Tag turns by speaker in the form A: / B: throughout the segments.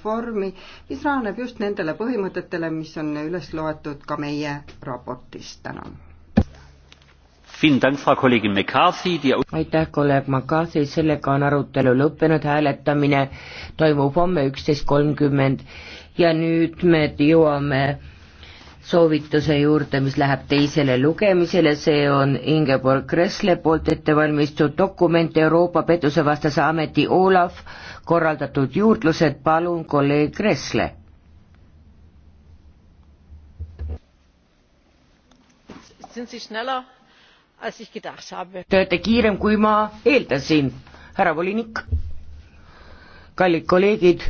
A: reformi, mis rajaneb just nendele põhimõtetele, mis on üles loetud ka meie raportis, tänan.
B: aitäh,
C: kolleeg McCarthy, sellega on arutelu lõppenud, hääletamine toimub homme üksteist kolmkümmend ja nüüd me jõuame soovituse juurde, mis läheb teisele lugemisele, see on Ingeborg Kressle poolt ette valmistatud dokument Euroopa Pettusevastase Ameti Olav korraldatud juurdlused, palun kolleeg Kressle.
D: Te olete kiirem, kui
C: ma eeldasin, härra volinik, kallid kolleegid,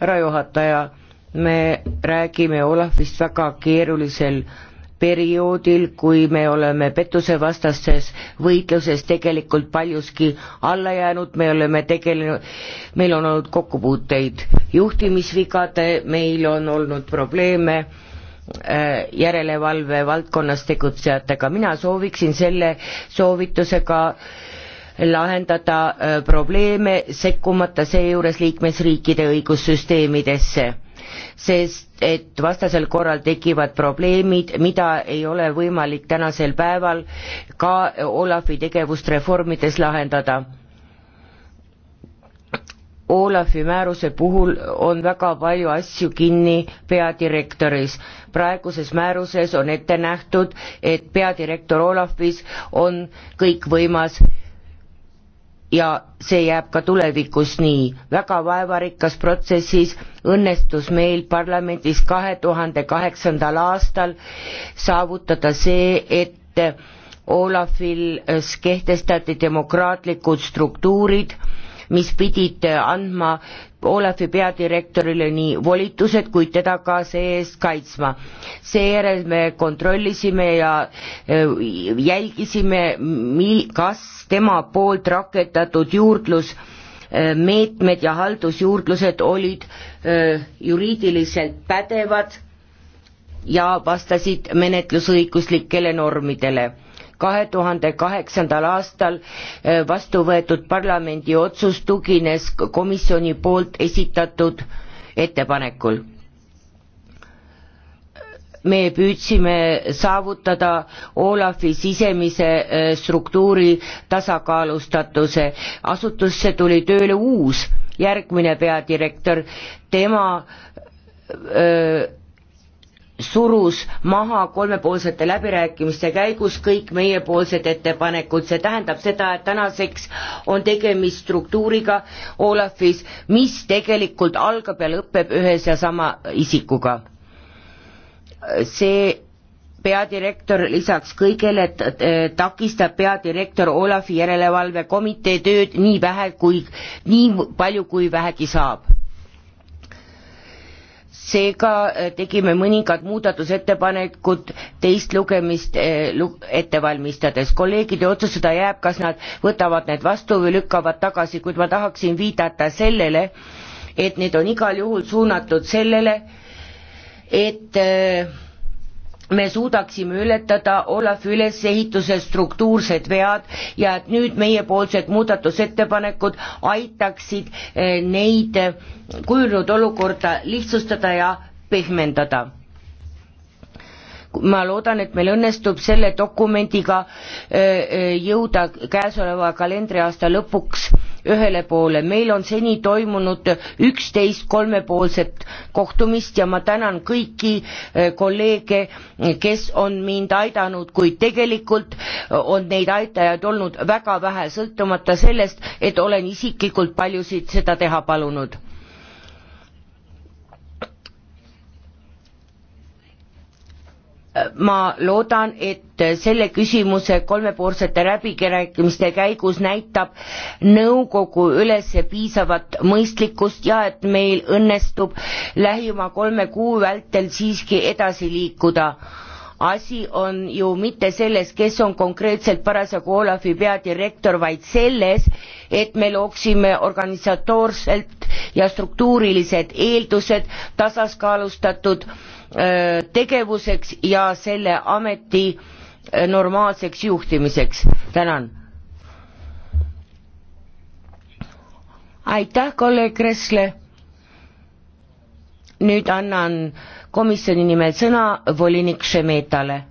C: härra juhataja me räägime Olafist väga keerulisel perioodil, kui me oleme pettusevastases võitluses tegelikult paljuski alla jäänud, me oleme tegelenud, meil on olnud kokkupuuteid juhtimisvigade, meil on olnud probleeme äh, järelevalve valdkonnas tegutsejatega, mina sooviksin selle soovitusega lahendada äh, probleeme, sekkumata seejuures liikmesriikide õigussüsteemidesse sest et vastasel korral tekivad probleemid, mida ei ole võimalik tänasel päeval ka Olavi tegevust reformides lahendada. Olavi määruse puhul on väga palju asju kinni peadirektoris. praeguses määruses on ette nähtud, et peadirektor Olavis on kõikvõimas ja see jääb ka tulevikus nii. väga vaevarikkas protsessis õnnestus meil parlamendis kahe tuhande kaheksandal aastal saavutada see, et Olafil kehtestati demokraatlikud struktuurid, mis pidid andma Olafi peadirektorile nii volitused, kuid teda ka see-eest kaitsma. seejärel me kontrollisime ja e, jälgisime, mil-, kas tema poolt rakendatud juurdlus e, meetmed ja haldusjuurdlused olid e, juriidiliselt pädevad ja vastasid menetlusõiguslikele normidele kahe tuhande kaheksandal aastal eh, vastu võetud parlamendi otsus tugines komisjoni poolt esitatud ettepanekul me püüdsime saavutada Olafi sisemise eh, struktuuri tasakaalustatuse. asutusse tuli tööle uus järgmine peadirektor, tema öö, eh, surus maha kolmepoolsete läbirääkimiste käigus kõik meiepoolsed ettepanekud, see tähendab seda, et tänaseks on tegemist struktuuriga Olafis, mis tegelikult algab ja lõpeb ühes ja sama isikuga. see peadirektor lisaks kõigele takistab peadirektor Olafi järelevalvekomitee tööd nii vähe kui, nii palju kui vähegi saab seega äh, tegime mõningad muudatusettepanekud teist lugemist äh, ette valmistades. kolleegide otsustada jääb, kas nad võtavad need vastu või lükkavad tagasi, kuid ma tahaksin viidata sellele, et need on igal juhul suunatud sellele, et äh, me suudaksime ületada Olavi ülesehituse struktuursed vead ja et nüüd meiepoolsed muudatusettepanekud aitaksid eh, neid eh, kujunenud olukorda lihtsustada ja pehmendada. ma loodan, et meil õnnestub selle dokumendiga eh, jõuda käesoleva kalendriaasta lõpuks ühele poole. meil on seni toimunud üksteist kolmepoolset kohtumist ja ma tänan kõiki eh, kolleege, kes on mind aidanud, kuid tegelikult eh, on neid aitajaid olnud väga vähe, sõltumata sellest, et olen isiklikult paljusid seda teha palunud ma loodan, et selle küsimuse kolmepoolsete läbirääkimiste käigus näitab nõukogu üles piisavat mõistlikkust ja et meil õnnestub lähima kolme kuu vältel siiski edasi liikuda asi on ju mitte selles, kes on konkreetselt parasjagu Olavi peadirektor, vaid selles, et me looksime organisatoorselt ja struktuurilised eeldused tasakaalustatud tegevuseks ja selle ameti normaalseks juhtimiseks. tänan. aitäh, kolleeg Kressle. nüüd annan komisjoni nimel sõna volinik Šemetale.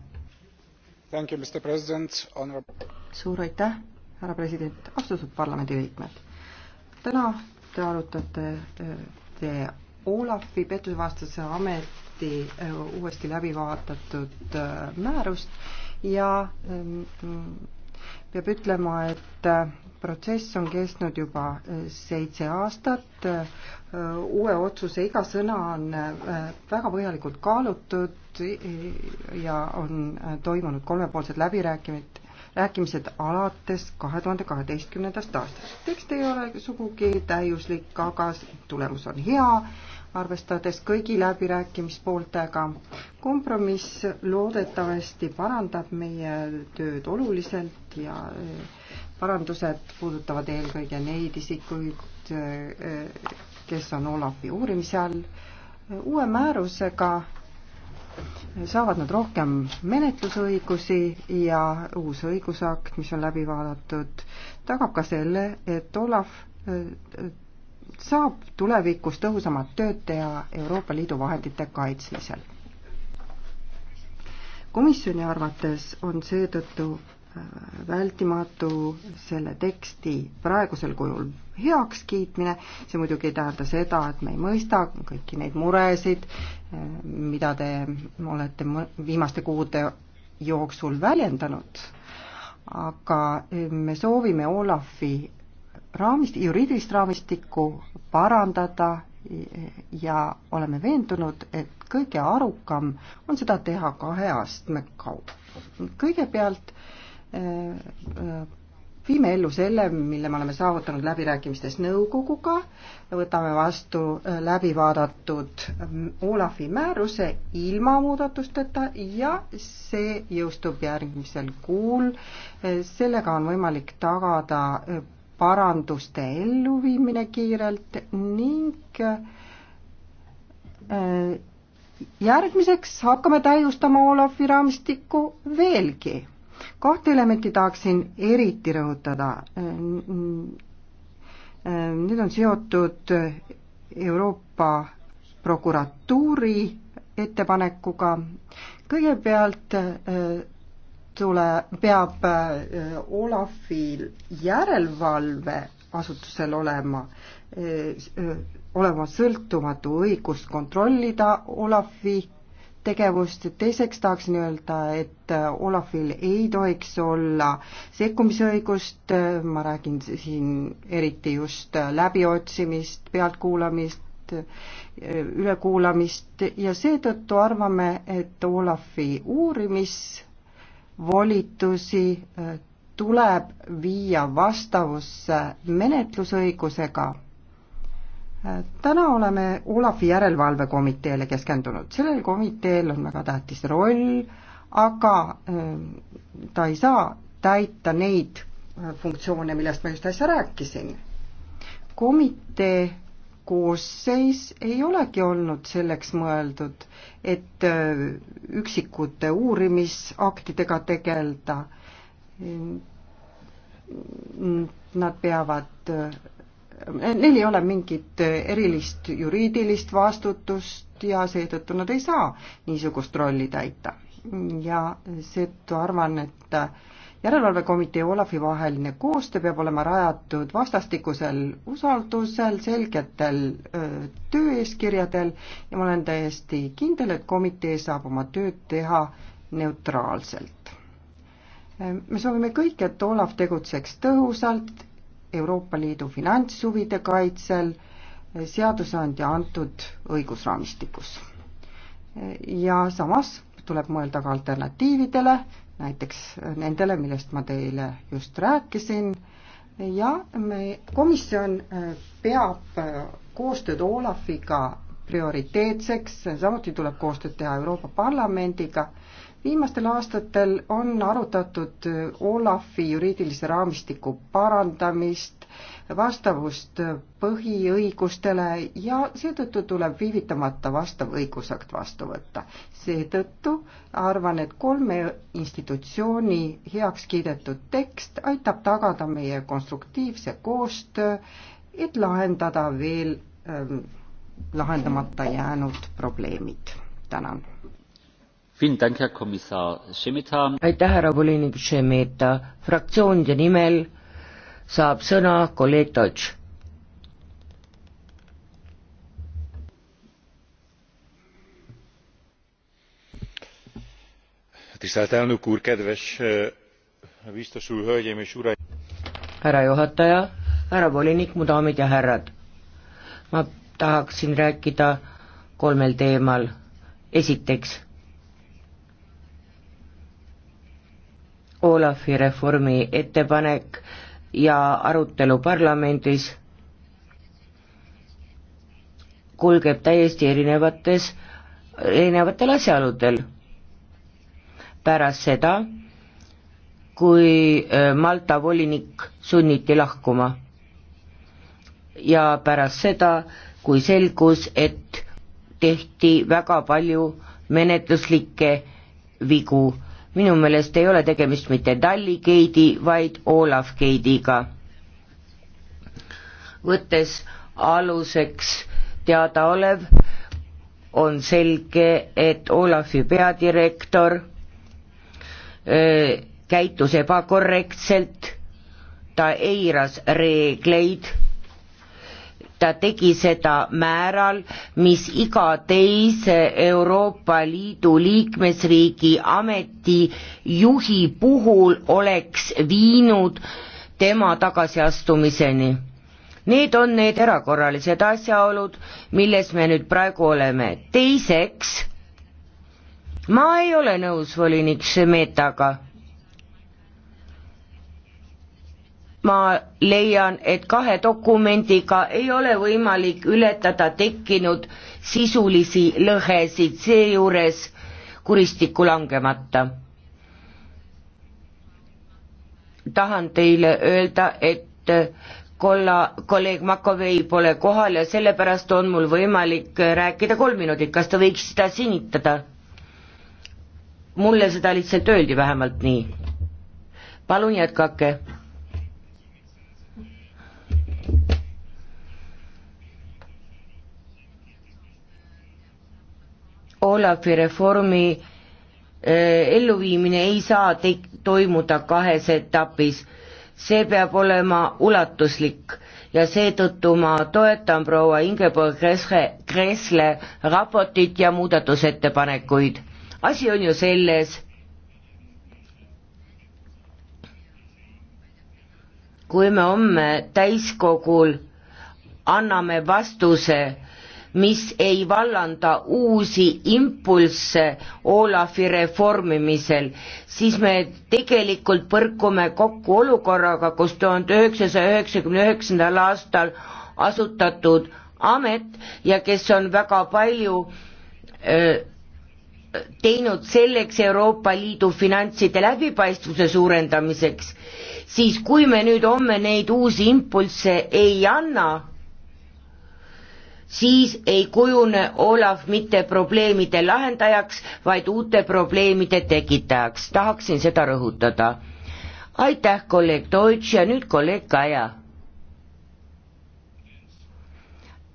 A: suur aitäh, härra president, austatud parlamendiliikmed. täna te arutate äh, te Olafi pettusevastase ameti äh, uuesti läbi vaadatud äh, määrust ja ähm, peab ütlema, et protsess on kestnud juba seitse aastat, Äh, uue otsuse, iga sõna on äh, väga põhjalikult kaalutud ja on äh, toimunud kolmepoolsed läbirääkimised, rääkimised alates kahe tuhande kaheteistkümnendast aastast. tekst ei ole sugugi täiuslik, aga tulemus on hea, arvestades kõigi läbirääkimispooltega. kompromiss loodetavasti parandab meie tööd oluliselt ja parandused puudutavad eelkõige neid isikuid, kes on Olafi uurimise all. uue määrusega saavad nad rohkem menetlusõigusi ja uus õigusakt, mis on läbi vaadatud, tagab ka selle, et Olav äh, saab tulevikus tõhusamat tööd teha Euroopa Liidu vahendite kaitsmisel. komisjoni arvates on seetõttu Äh, vältimatu selle teksti praegusel kujul heakskiitmine, see muidugi ei tähenda seda, et me ei mõista kõiki neid muresid, äh, mida te olete viimaste kuude jooksul väljendanud, aga äh, me soovime Olafi raamist, juriidilist raamistikku parandada ja oleme veendunud, et kõige arukam on seda teha kahe astme kaupa. kõigepealt äh, viime ellu selle, mille me oleme saavutanud läbirääkimistes nõukoguga, võtame vastu äh, läbivaadatud ähm, Olafi määruse ilma muudatusteta ja see jõustub järgmisel kuul. Äh, sellega on võimalik tagada äh, paranduste elluviimine kiirelt ning järgmiseks hakkame täiustama Olafi raamistikku veelgi kahte elementi tahaksin eriti rõhutada. Need on seotud Euroopa prokuratuuri ettepanekuga. kõigepealt tule, peab äh, Olafil järelevalveasutusel olema, äh, äh, olema sõltumatu õigus kontrollida Olafi tegevust, teiseks tahaksin öelda, et Olafil ei tohiks olla sekkumisõigust, ma räägin siin eriti just läbiotsimist, pealtkuulamist, ülekuulamist ja seetõttu arvame, et Olafi uurimisvolitusi äh, tuleb viia vastavusse menetlusõigusega täna oleme Olavi järelevalvekomiteele keskendunud, sellel komiteel on väga tähtis roll, aga äh, ta ei saa täita neid äh, funktsioone, millest ma just äsja rääkisin. komitee koosseis ei olegi olnud selleks mõeldud, et äh, üksikute uurimisaktidega tegeleda. Nad peavad neil ei ole mingit erilist juriidilist vastutust ja seetõttu nad ei saa niisugust rolli täita. ja seetõttu arvan, et järelevalvekomitee Olavi vaheline koostöö peab olema rajatud vastastikusel usaldusel, selgetel tööeeskirjadel ja ma olen täiesti kindel, et komitee saab oma tööd teha neutraalselt. me soovime kõik, et Olav tegutseks tõhusalt Euroopa Liidu finantshuvide kaitsel seadusandja antud õigusraamistikus. ja samas tuleb mõelda ka alternatiividele, näiteks nendele, millest ma teile just rääkisin, ja me, komisjon äh, peab äh, koostööd Olafiga prioriteetseks, samuti tuleb koostööd teha Euroopa Parlamendiga viimastel aastatel on arutatud Olafi juriidilise raamistiku parandamist, vastavust põhiõigustele ja seetõttu tuleb viivitamata vastav õigusakt vastu võtta. seetõttu arvan, et kolme institutsiooni heaks kiidetud tekst aitab tagada meie konstruktiivse koostöö, et lahendada veel ähm, lahendamata jäänud probleemid. tänan
B: aitäh,
C: härra volinik Šemeta, fraktsioonide nimel saab sõna kolleeg Deutsch.
B: tisztelt elnök úr, kedves eh, biztos úr, hölgyeim és uraim!
C: härra juhataja, härra volinik, mu daamid ja härrad! ma tahaksin rääkida kolmel teemal. esiteks Olafi reformi ettepanek ja arutelu parlamendis kulgeb täiesti erinevates, erinevatel asjaoludel. pärast seda, kui Malta volinik sunniti lahkuma ja pärast seda, kui selgus, et tehti väga palju menetluslikke vigu minu meelest ei ole tegemist mitte Dalli geidi, vaid Olav geidiga. võttes aluseks teadaolev, on selge, et Olavi peadirektor öö, käitus ebakorrektselt, ta eiras reegleid ta tegi seda määral, mis iga teise Euroopa Liidu liikmesriigi ametijuhi puhul oleks viinud tema tagasiastumiseni. Need on need erakorralised asjaolud, milles me nüüd praegu oleme. teiseks, ma ei ole nõus volinik Šemetaga ma leian, et kahe dokumendiga ei ole võimalik ületada tekkinud sisulisi lõhesid, seejuures kuristikku langemata. tahan teile öelda, et kolla, kolleeg Makovei pole kohal ja sellepärast on mul võimalik rääkida kolm minutit, kas te võiks seda sinitada? mulle seda lihtsalt öeldi vähemalt nii. palun jätkake Olavi reformi äh, elluviimine ei saa te-, toimuda kahes etapis. see peab olema ulatuslik ja seetõttu ma toetan proua Ingeborg Kresle, Kresle raportit ja muudatusettepanekuid. asi on ju selles, kui me homme täiskogul anname vastuse mis ei vallanda uusi impulsse Olafi reformimisel, siis me tegelikult põrkume kokku olukorraga, kus tuhande üheksasaja üheksakümne üheksandal aastal asutatud amet ja kes on väga palju öö, teinud selleks Euroopa Liidu finantside läbipaistvuse suurendamiseks, siis kui me nüüd homme neid uusi impulsse ei anna, siis ei kujune Olav mitte probleemide lahendajaks, vaid uute probleemide tekitajaks, tahaksin seda rõhutada. aitäh, kolleeg Deutsch ja nüüd kolleeg Kaja.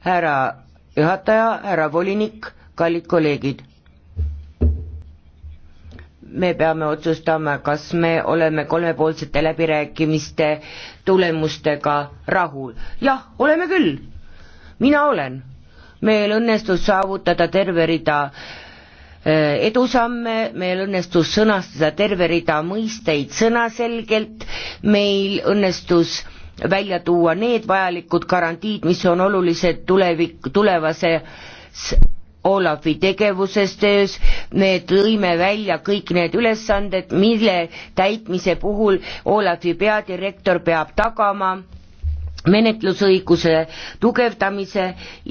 C: härra juhataja, härra volinik, kallid kolleegid. me peame otsustama, kas me oleme kolmepoolsete läbirääkimiste tulemustega rahul. jah, oleme küll mina olen. meil õnnestus saavutada terve rida äh, edusamme, meil õnnestus sõnastada terve rida mõisteid sõnaselgelt, meil õnnestus välja tuua need vajalikud garantiid, mis on olulised tulevik, tulevase Olavi tegevuses töös, me tõime välja kõik need ülesanded, mille täitmise puhul Olavi peadirektor peab tagama menetlusõiguse tugevdamise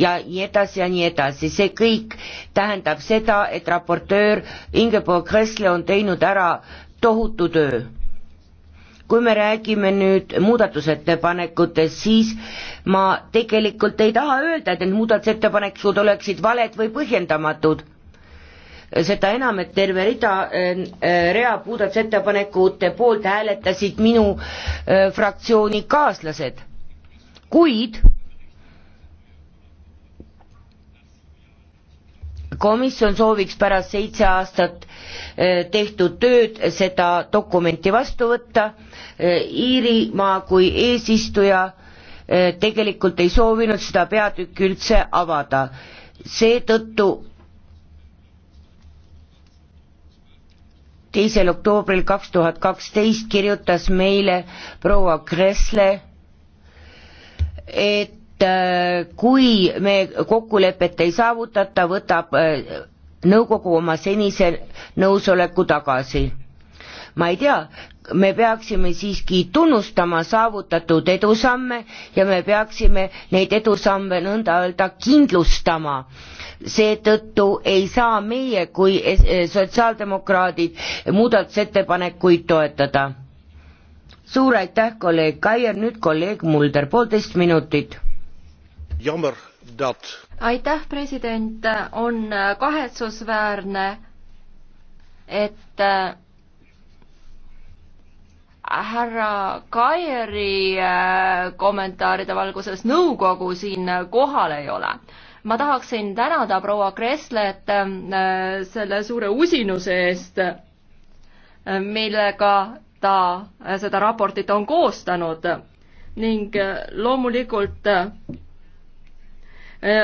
C: ja nii edasi ja nii edasi, see kõik tähendab seda, et raportöör Ingeborg Kressle on teinud ära tohutu töö. kui me räägime nüüd muudatusettepanekutest, siis ma tegelikult ei taha öelda, et need muudatusettepanekud oleksid valed või põhjendamatud, seda enam, et terve rida äh, rea muudatusettepanekute poolt hääletasid minu äh, fraktsiooni kaaslased kuid komisjon sooviks pärast seitse aastat eh, tehtud tööd seda dokumenti vastu võtta. Eh, Iirimaa kui eesistuja eh, tegelikult ei soovinud seda peatükki üldse avada, seetõttu teisel oktoobril kaks tuhat kaksteist kirjutas meile proua Kressle et äh, kui me kokkulepet ei saavutata, võtab äh, nõukogu oma senise nõusoleku tagasi. ma ei tea, me peaksime siiski tunnustama saavutatud edusamme ja me peaksime neid edusamme nõnda öelda kindlustama seetõttu ei saa meie kui eh, sotsiaaldemokraadid muudatusettepanekuid toetada suur aitäh, kolleeg Kaier, nüüd kolleeg Mulder, poolteist minutit.
D: aitäh, president, on kahetsusväärne, et äh, härra Kairi äh, kommentaaride valguses nõukogu siin kohal ei ole. ma tahaksin tänada proua Kresslet äh, selle suure usinuse eest, millega ta äh, seda raportit on koostanud ning äh, loomulikult äh,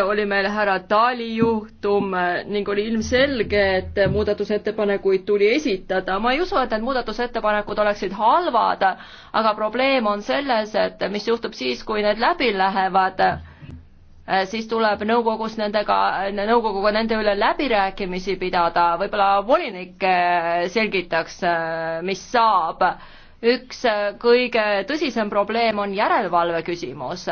D: oli meil härra Taali juhtum ning oli ilmselge, et muudatusettepanekuid tuli esitada. ma ei usu, et need muudatusettepanekud oleksid halvad, aga probleem on selles, et mis juhtub siis, kui need läbi lähevad. Äh, siis tuleb nõukogus nendega, nõukoguga nende üle läbirääkimisi pidada, võib-olla volinik äh, selgitaks, äh, mis saab. üks kõige tõsisem probleem on järelevalve küsimus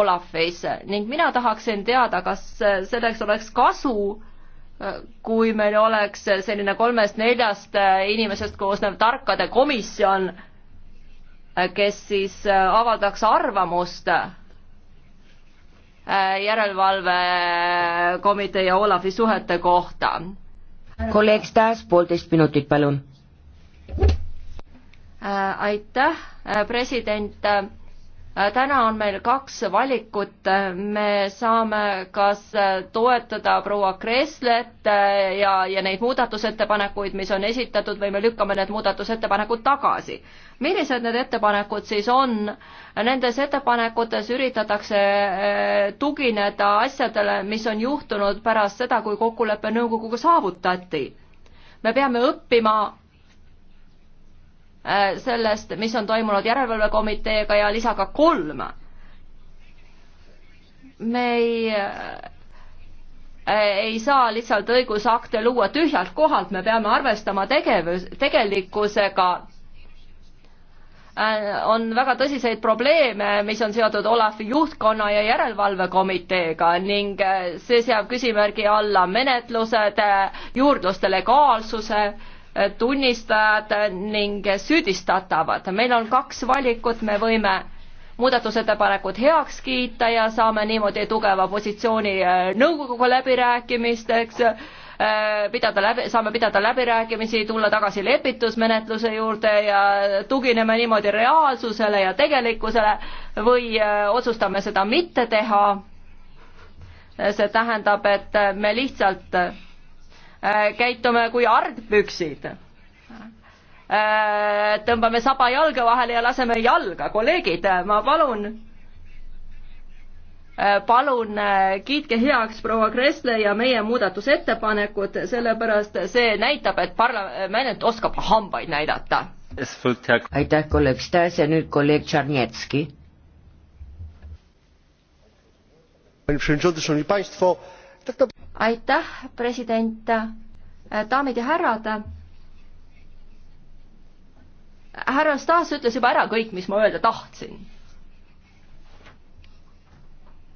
D: Olafis ning mina tahaksin teada, kas selleks oleks kasu, kui meil oleks selline kolmest-neljast inimesest koosnev tarkade komisjon, kes siis avaldaks arvamust Äh, järelevalvekomitee ja Olavi suhete kohta.
C: kolleeg Stas, poolteist minutit, palun.
D: Äh, aitäh, äh, president Äh, täna on meil kaks valikut, äh, me saame kas äh, toetada proua Kreslet ja, ja neid muudatusettepanekuid, mis on esitatud, või me lükkame need muudatusettepanekud tagasi. millised need ettepanekud siis on? Nendes ettepanekutes üritatakse tugineda asjadele, mis on juhtunud pärast seda, kui kokkulepe nõukoguga saavutati. me peame õppima Äh, sellest, mis on toimunud järelevalvekomiteega ja lisaga kolm. me ei, äh, äh, ei saa lihtsalt õigusakte luua tühjalt kohalt, me peame arvestama tegevus, tegelikkusega. on väga tõsiseid probleeme, mis on seotud Olavi juhtkonna ja järelevalvekomiteega ning see seab küsimärgi alla menetlused, juurdluste legaalsuse tunnistajad ning süüdistatavad. meil on kaks valikut, me võime muudatusettepanekud heaks kiita ja saame niimoodi tugeva positsiooni äh, nõukoguga läbirääkimisteks, äh, pidada läbi, saame pidada läbirääkimisi, tulla tagasi lepitusmenetluse juurde ja tugineme niimoodi reaalsusele ja tegelikkusele või äh, otsustame seda mitte teha. see tähendab, et me lihtsalt Äh, käitume kui argpüksid. Äh, tõmbame saba jalge vahele ja laseme jalga, kolleegid, ma palun äh, palun kiitke heaks proua Kressle ja meie muudatusettepanekud, sellepärast see näitab, et parlament oskab hambaid näidata.
C: aitäh, kolleeg Stas ja nüüd kolleeg Tšarnetski
D: aitäh, president, äh, daamid ja härrad. härra Stas ütles juba ära kõik, mis ma öelda tahtsin.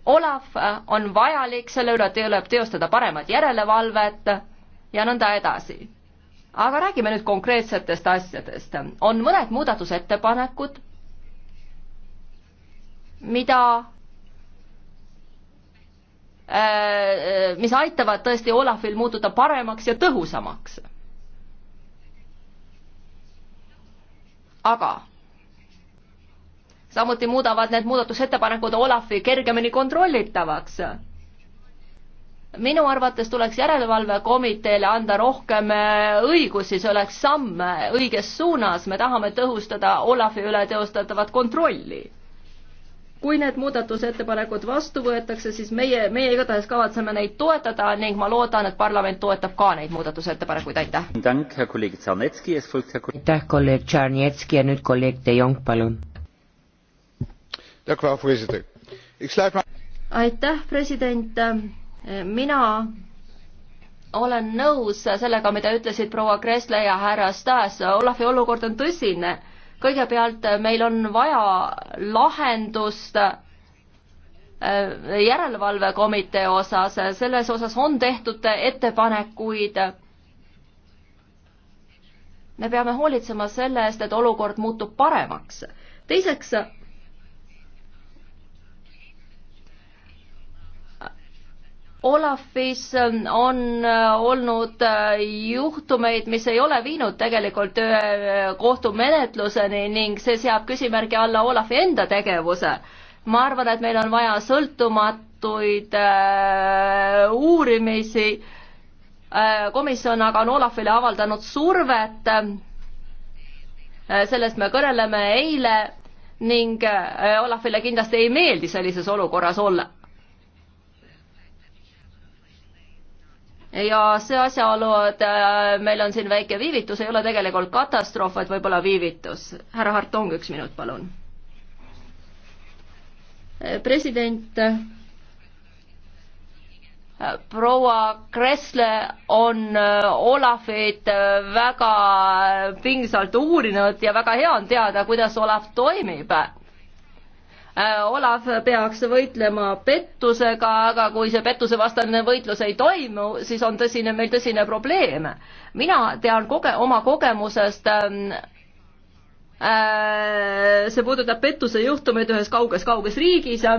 D: Olav äh, on vajalik, selle üle tuleb teostada paremat järelevalvet ja nõnda edasi. aga räägime nüüd konkreetsetest asjadest. on mõned muudatusettepanekud, mida Äh, äh, mis aitavad tõesti Olafil muutuda paremaks ja tõhusamaks. aga samuti muudavad need muudatusettepanekud Olafi kergemini kontrollitavaks minu arvates tuleks järelevalvekomiteele anda rohkem äh, õigusi, see oleks samm õiges suunas, me tahame tõhustada Olavi üle teostatavat kontrolli kui need muudatusettepanekud vastu võetakse, siis meie, meie igatahes kavatseme neid toetada ning ma loodan, et parlament toetab ka neid muudatusettepanekuid, aitäh.
C: aitäh, kolleeg Tšarnetski ja nüüd kolleeg De Jong, palun.
D: aitäh, president, mina olen nõus sellega, mida ütlesid proua Kressle ja härra Stas, Olavi olukord on tõsine kõigepealt äh, meil on vaja lahendust äh, järelevalvekomitee osas, selles osas on tehtud äh, ettepanekuid. me peame hoolitsema selle eest, et olukord muutub paremaks. teiseks Olafis ähm, on äh, olnud äh, juhtumeid, mis ei ole viinud tegelikult äh, kohtumenetluseni ning see seab küsimärgi alla Olafi enda tegevuse. ma arvan, et meil on vaja sõltumatuid äh, uurimisi äh,. komisjon aga on Olafile avaldanud survet äh,. sellest me kõneleme eile ning äh, Olafile kindlasti ei meeldi sellises olukorras olla ja see asjaolu, et äh, meil on siin väike viivitus, ei ole tegelikult katastroof, vaid võib-olla viivitus. härra Hartong, üks minut, palun. president äh, proua Kressle on äh, Olafit väga pingsalt uurinud ja väga hea on teada, kuidas Olav toimib. Äh, Olav peaks võitlema pettusega, aga kui see pettusevastane võitlus ei toimu, siis on tõsine, meil tõsine probleem. mina tean koge-, oma kogemusest ähm, äh, see puudutab pettusejuhtumeid ühes kauges-kauges riigis äh,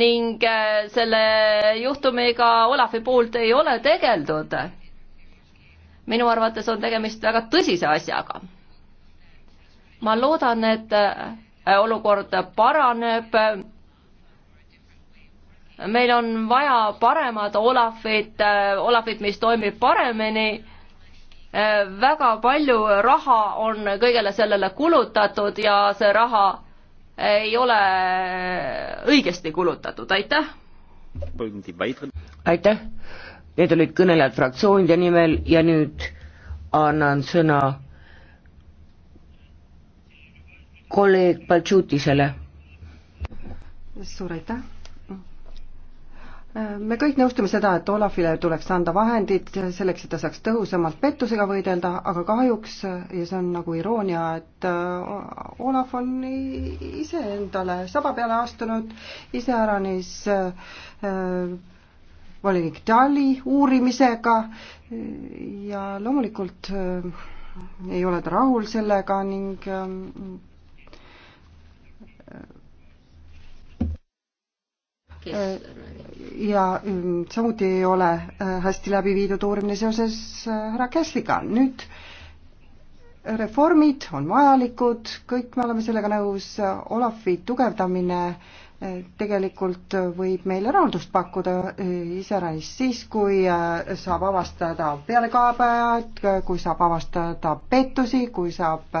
D: ning äh, selle juhtumiga Olavi poolt ei ole tegeldud. minu arvates on tegemist väga tõsise asjaga ma loodan, et äh, olukord paraneb. meil on vaja paremat Olafit, äh, Olafit, mis toimib paremini. Äh, väga palju raha on kõigele sellele kulutatud ja see raha ei ole õigesti kulutatud, aitäh.
B: aitäh,
C: need olid kõnelejad fraktsioonide nimel ja nüüd annan sõna kolleeg Baltšutisele.
A: suur aitäh! me kõik nõustume seda, et Olafile tuleks anda vahendid selleks, et ta saaks tõhusamalt pettusega võidelda, aga kahjuks, ja see on nagu iroonia, et äh, Olav on iseendale saba peale astunud, iseäranis äh, volinik Dali uurimisega ja loomulikult äh, ei ole ta rahul sellega ning äh, Äh, ja mm, samuti ei ole äh, hästi läbi viidud uurimine seoses äh, härra Käsliga. nüüd reformid on vajalikud, kõik me oleme sellega nõus, Olafi tugevdamine tegelikult võib meile rahandust pakkuda iseäranis siis, kui saab avastada pealekaebajad, kui saab avastada pettusi, kui saab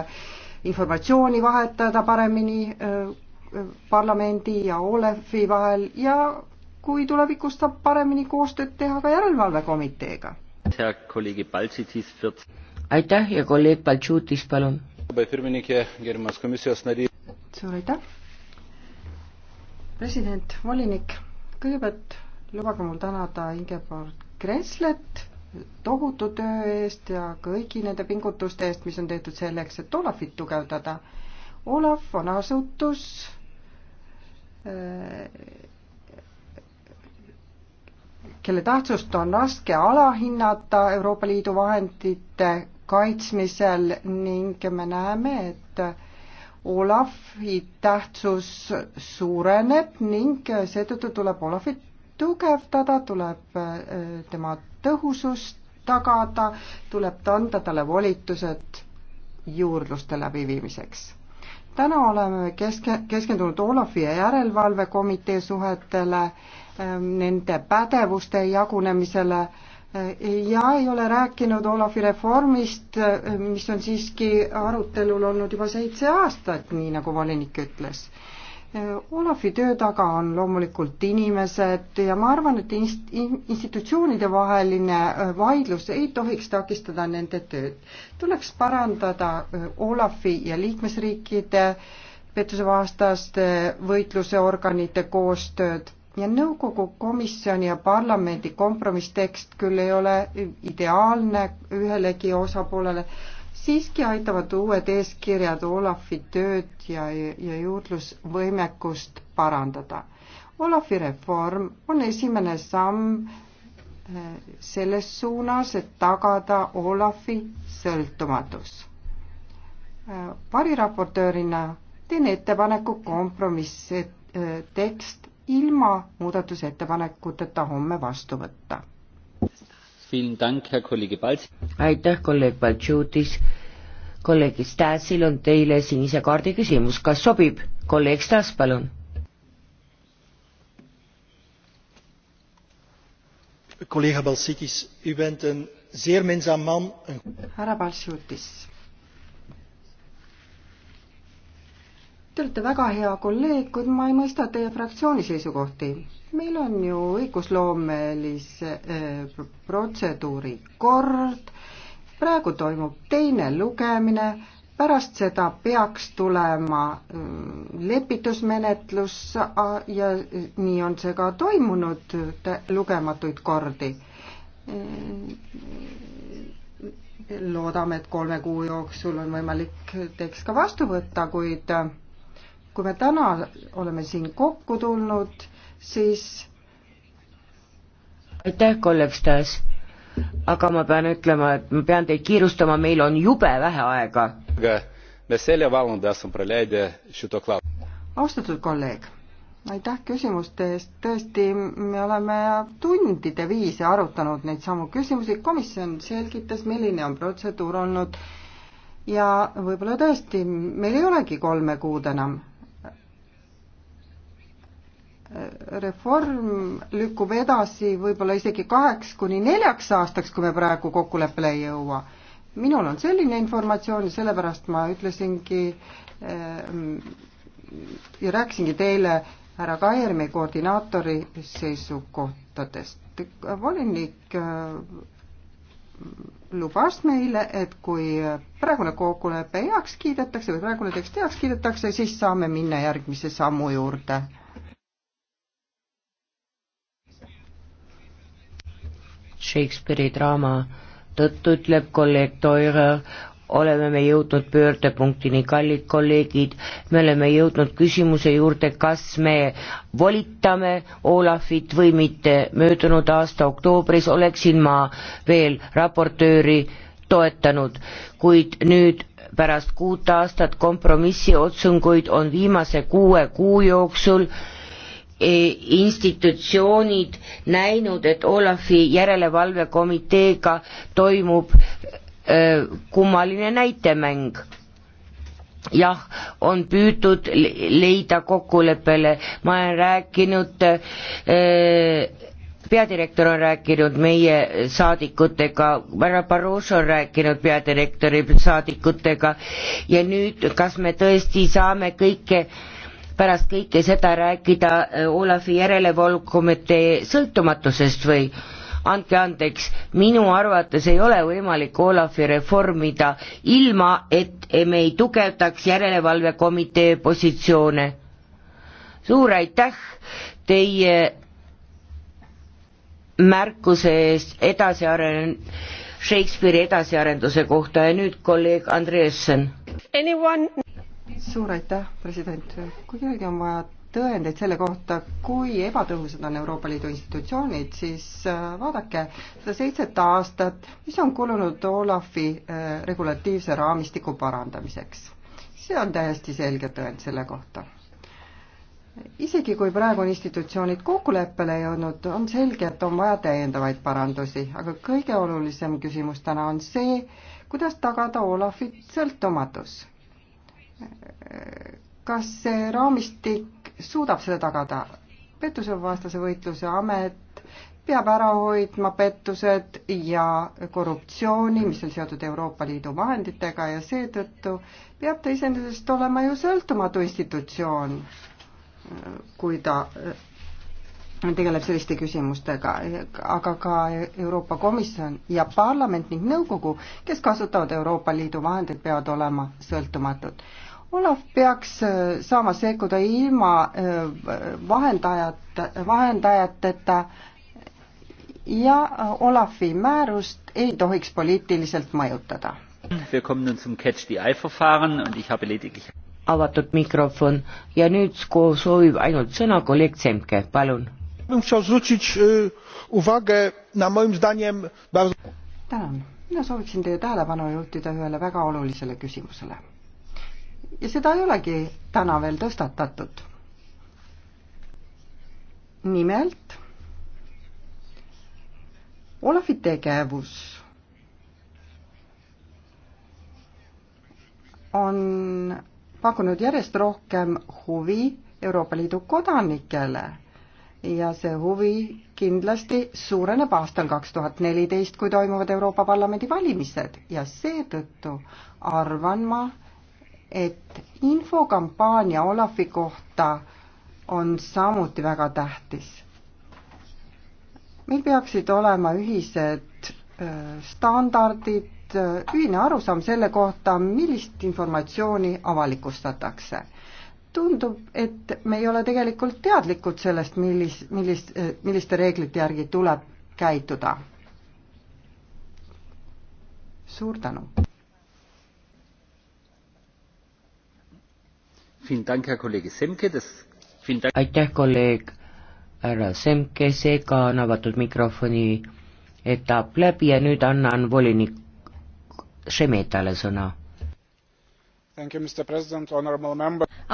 A: informatsiooni vahetada paremini parlamendi ja Olefi vahel ja kui tulevikus saab paremini koostööd teha ka järelevalvekomiteega.
B: aitäh ja kolleeg Baltšutis,
C: palun.
A: suur aitäh. president, volinik, kõigepealt lubage mul tänada Ingeborg Kreslet tohutu töö eest ja kõigi nende pingutuste eest, mis on tehtud selleks, et Olafit tugevdada. Olav on asutus, Äh, kelle tähtsust on raske alahinnata Euroopa Liidu vahendite kaitsmisel ning me näeme, et Olafi tähtsus suureneb ning seetõttu tuleb Olafit tugevdada, tuleb äh, tema tõhusust tagada, tuleb anda talle volitused juurdluste läbiviimiseks täna oleme keske, keskendunud Olafi ja Järelevalvekomitee suhetele, ähm, nende pädevuste jagunemisele äh, ja ei ole rääkinud Olafi reformist, äh, mis on siiski arutelul olnud juba seitse aastat, nii nagu volinik ütles Äh, Olafi töö taga on loomulikult inimesed ja ma arvan, et inst-, institutsioonide vaheline äh, vaidlus ei tohiks takistada nende tööd. tuleks parandada äh, Olafi ja liikmesriikide pettusevastaste võitluse organite koostööd ja nõukogu komisjoni ja parlamendi kompromisstekst küll ei ole ideaalne ühelegi osapoolele, siiski aitavad uued eeskirjad Olafi tööd ja, ja juurdlusvõimekust parandada. Olafi reform on esimene samm eh, selles suunas, et tagada Olafi sõltumatus. Eh, variraportöörina teen ettepaneku kompromiss eh, tekst ilma muudatusettepanekuteta homme vastu võtta aitäh, kolleeg Baltšutis kolleeg
C: Stasil on teile sinise kaardi küsimus, kas sobib? kolleeg Stas, palun.
A: kolleeg Balsikis, u bent een zeer minzaam man. härra Balsutis. Te olete väga hea kolleeg, kuid ma ei mõista teie fraktsiooni seisukohti. meil on ju õigusloomelise äh, protseduuri kord äh,, praegu toimub teine lugemine, pärast seda peaks tulema äh, lepitusmenetlus ja äh, nii on see ka toimunud lugematuid kordi. Äh, loodame, et kolme kuu jooksul on võimalik tekst ka vastu võtta, kuid kui me täna oleme siin kokku tulnud, siis
C: aitäh, kolleeg Stas aga ma pean ütlema, et ma pean teid kiirustama, meil on jube vähe aega.
A: austatud kolleeg, aitäh küsimuste eest, tõesti, me oleme tundide viisi arutanud neid samu küsimusi, komisjon selgitas, milline on protseduur olnud ja võib-olla tõesti, meil ei olegi kolme kuud enam reform lükkub edasi võib-olla isegi kaheks kuni neljaks aastaks, kui me praegu kokkuleppele ei jõua. minul on selline informatsioon ja sellepärast ma ütlesingi ehm, ja rääkisingi teile härra Kaiermi koordinaatori seisukohtadest. volinik ehm, lubas meile, et kui praegune kokkulepe heaks kiidetakse või praegune tekst heaks kiidetakse, siis saame minna järgmise sammu juurde
C: Shakespeare'i draama tõttu, ütleb kolleeg Toirer, oleme me jõudnud pöördepunktini, kallid kolleegid, me oleme jõudnud küsimuse juurde, kas me volitame Olafit või mitte. möödunud aasta oktoobris oleksin ma veel raportööri toetanud, kuid nüüd pärast kuut aastat kompromissiotsunguid on viimase kuue kuu jooksul E, institutsioonid näinud, et Olafi järelevalvekomiteega toimub e, kummaline näitemäng. jah, on püütud leida kokkuleppele, ma olen rääkinud e, peadirektor on rääkinud meie saadikutega, härra Barroso on rääkinud peadirektori saadikutega ja nüüd, kas me tõesti saame kõike äh, pärast kõike seda rääkida äh, Olavi järelevalvekomitee sõltumatusest või andke andeks, minu arvates ei ole võimalik Olavi reformida ilma, et me ei tugevdaks järelevalvekomitee positsioone. suur aitäh teie märkuse eest edasiaren-, Shakespeare'i edasiarenduse kohta ja nüüd kolleeg Andreessen.
A: Anyone suur aitäh, president. kui kellelgi on vaja tõendeid selle kohta, kui ebatõhusad on Euroopa Liidu institutsioonid, siis äh, vaadake seda seitset aastat, mis on kulunud Olafi äh, regulatiivse raamistiku parandamiseks. see on täiesti selge tõend selle kohta isegi kui praegu on institutsioonid kokkuleppele jõudnud, on selge, et on vaja täiendavaid parandusi, aga kõige olulisem küsimus täna on see, kuidas tagada Olafi sõltumatus kas see raamistik suudab seda tagada? pettusevastase võitluse amet peab ära hoidma pettused ja korruptsiooni, mis on seotud Euroopa Liidu vahenditega ja seetõttu peab ta iseenesest olema ju sõltumatu institutsioon, kui ta äh, tegeleb selliste küsimustega, aga ka Euroopa Komisjon ja parlament ning nõukogu, kes kasutavad Euroopa Liidu vahendeid, peavad olema sõltumatud. Olav peaks äh, saama sekkuda ilma äh, vahendajat, vahendajateta ja äh, Olavi määrust ei tohiks poliitiliselt mõjutada. avatud mikrofon ja nüüd soovib ainult
C: sõna kolleeg Semke, palun.
A: tänan, mina sooviksin teie tähelepanu juhtida ühele väga olulisele küsimusele ja seda ei olegi täna veel tõstatatud. nimelt Olavi tegevus on pakkunud järjest rohkem huvi Euroopa Liidu kodanikele ja see huvi kindlasti suureneb aastal kaks tuhat neliteist, kui toimuvad Euroopa Parlamendi valimised ja seetõttu arvan ma, et infokampaania Olafi kohta on samuti väga tähtis. meil peaksid olema ühised äh, standardid, äh, ühine arusaam selle kohta, millist informatsiooni avalikustatakse. tundub, et me ei ole tegelikult teadlikud sellest, millis, millist, äh, milliste reeglite järgi tuleb käituda. suur tänu!
B: aitäh,
C: kolleeg härra Semke, seega on avatud mikrofoni etapp läbi ja nüüd annan volinik Šemetale sõna.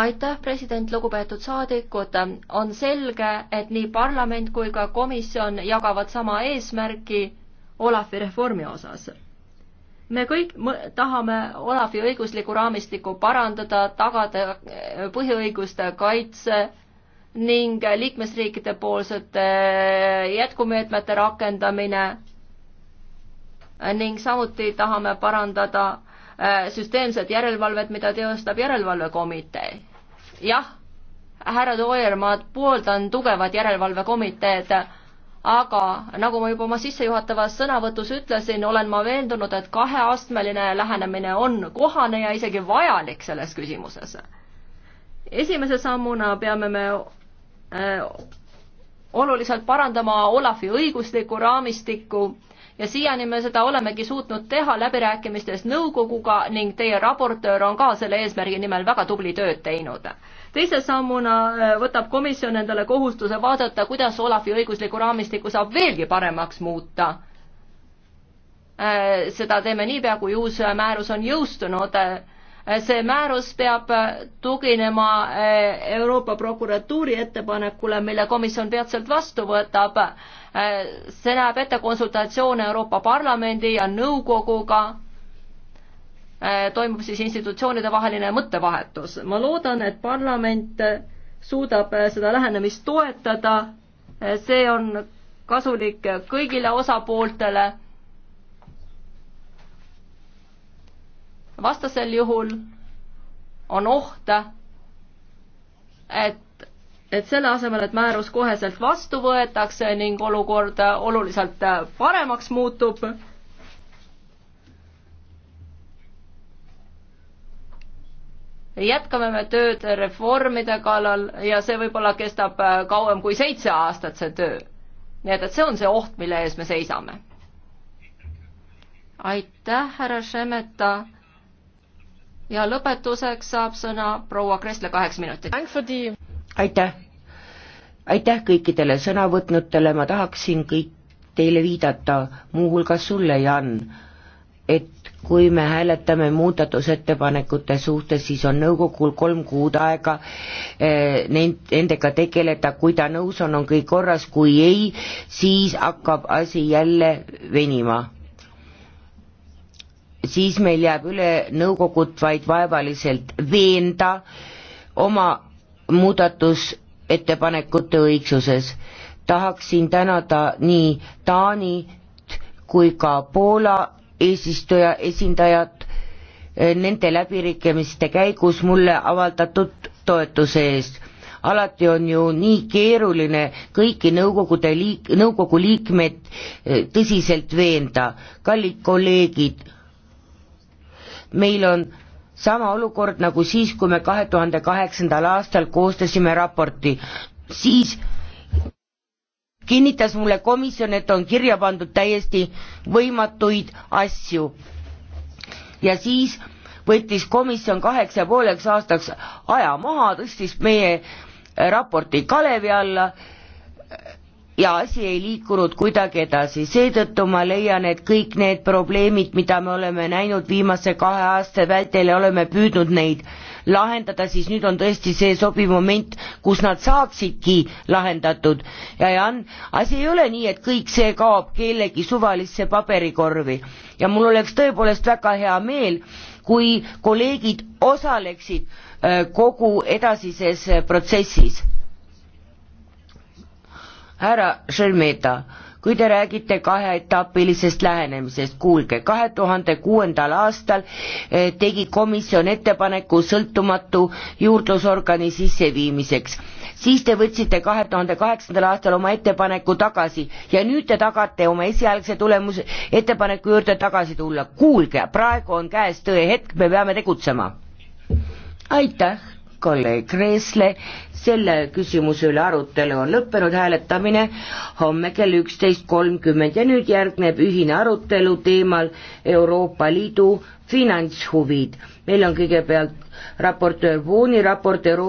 D: aitäh, president, lugupeetud saadikud, on selge, et nii parlament kui ka komisjon jagavad sama eesmärki Olafi reformi osas me kõik tahame Olavi õiguslikku raamistikku parandada, tagada äh, põhiõiguste kaitse ning liikmesriikide poolsete äh, jätkumeetmete rakendamine ning samuti tahame parandada äh, süsteemset järelevalvet, mida teostab järelevalvekomitee. jah, härra Toier, ma pooldan tugevat järelevalvekomiteed aga nagu ma juba oma sissejuhatavas sõnavõtus ütlesin, olen ma veendunud, et kaheastmeline lähenemine on kohane ja isegi vajalik selles küsimuses. esimese sammuna peame me äh, oluliselt parandama Olafi õiguslikku raamistikku ja siiani me seda olemegi suutnud teha läbirääkimistes nõukoguga ning teie raportöör on ka selle eesmärgi nimel väga tubli tööd teinud teise sammuna äh, võtab komisjon endale kohustuse vaadata, kuidas Olavi õiguslikku raamistikku saab veelgi paremaks muuta. Äh, seda teeme niipea, kui uus määrus on jõustunud äh, see määrus peab tuginema Euroopa prokuratuuri ettepanekule, mille komisjon peatselt vastu võtab. see näeb ette konsultatsioone Euroopa Parlamendi ja nõukoguga Äh, toimub siis institutsioonide vaheline mõttevahetus. ma loodan, et parlament äh, suudab äh, seda lähenemist toetada, see on kasulik kõigile osapooltele. vastasel juhul on oht, et, et selle asemel, et määrus koheselt vastu võetakse ning olukord oluliselt paremaks muutub jätkame me tööd reformide kallal ja see võib-olla kestab äh, kauem kui seitse aastat, see töö. nii et, et see on see oht, mille ees me seisame. aitäh, härra Šemeta. ja lõpetuseks saab sõna proua Kressle kaheks minutiks.
C: aitäh. aitäh kõikidele sõnavõtnutele, ma tahaksin kõik teile viidata, muuhulgas sulle, Jan et kui me hääletame muudatusettepanekute suhtes, siis on nõukogul kolm kuud aega eh, nend-, nendega tegeleda, kui ta nõus on, on kõik korras, kui ei, siis hakkab asi jälle venima. siis meil jääb üle nõukogut vaid vaevaliselt veenda oma muudatusettepanekute õigsuses. tahaksin tänada nii Taanit kui ka Poola eesistuja esindajad eh, nende läbirikkumiste käigus mulle avaldatud toetuse eest. alati on ju nii keeruline kõiki nõukogude liik-, nõukogu liikmeid eh, tõsiselt veenda. kallid kolleegid, meil on sama olukord nagu siis, kui me kahe tuhande kaheksandal aastal koostasime raporti, siis kinnitas mulle komisjon, et on kirja pandud täiesti võimatuid asju. ja siis võttis komisjon kaheks ja pooleks aastaks aja maha, tõstis meie raporti kalevi alla ja asi ei liikunud kuidagi edasi, seetõttu ma leian, et kõik need probleemid, mida me oleme näinud viimase kahe aasta vältel ja oleme püüdnud neid lahendada, siis nüüd on tõesti see sobiv moment, kus nad saaksidki lahendatud. ja, ja on, asi ei ole nii, et kõik see kaob kellegi suvalisse paberikorvi ja mul oleks tõepoolest väga hea meel, kui kolleegid osaleksid äh, kogu edasises äh, protsessis. härra Šermeta kui te räägite kaheetapilisest lähenemisest, kuulge, kahe tuhande kuuendal aastal eh, tegi komisjon ettepaneku sõltumatu juurdlusorgani sisseviimiseks siis te võtsite kahe tuhande kaheksandal aastal oma ettepaneku tagasi ja nüüd te tagate oma esialgse tulemuse ettepaneku juurde tagasi tulla kuulge praegu on käes tõe hetk me peame tegutsema aitäh kolleeg Kreesle. selle küsimuse üle arutelu on lõppenud, hääletamine homme kell üksteist kolmkümmend ja nüüd järgneb ühine arutelu teemal Euroopa Liidu finantshuvid. meil on kõigepealt raportöör Vooni raport Euroopa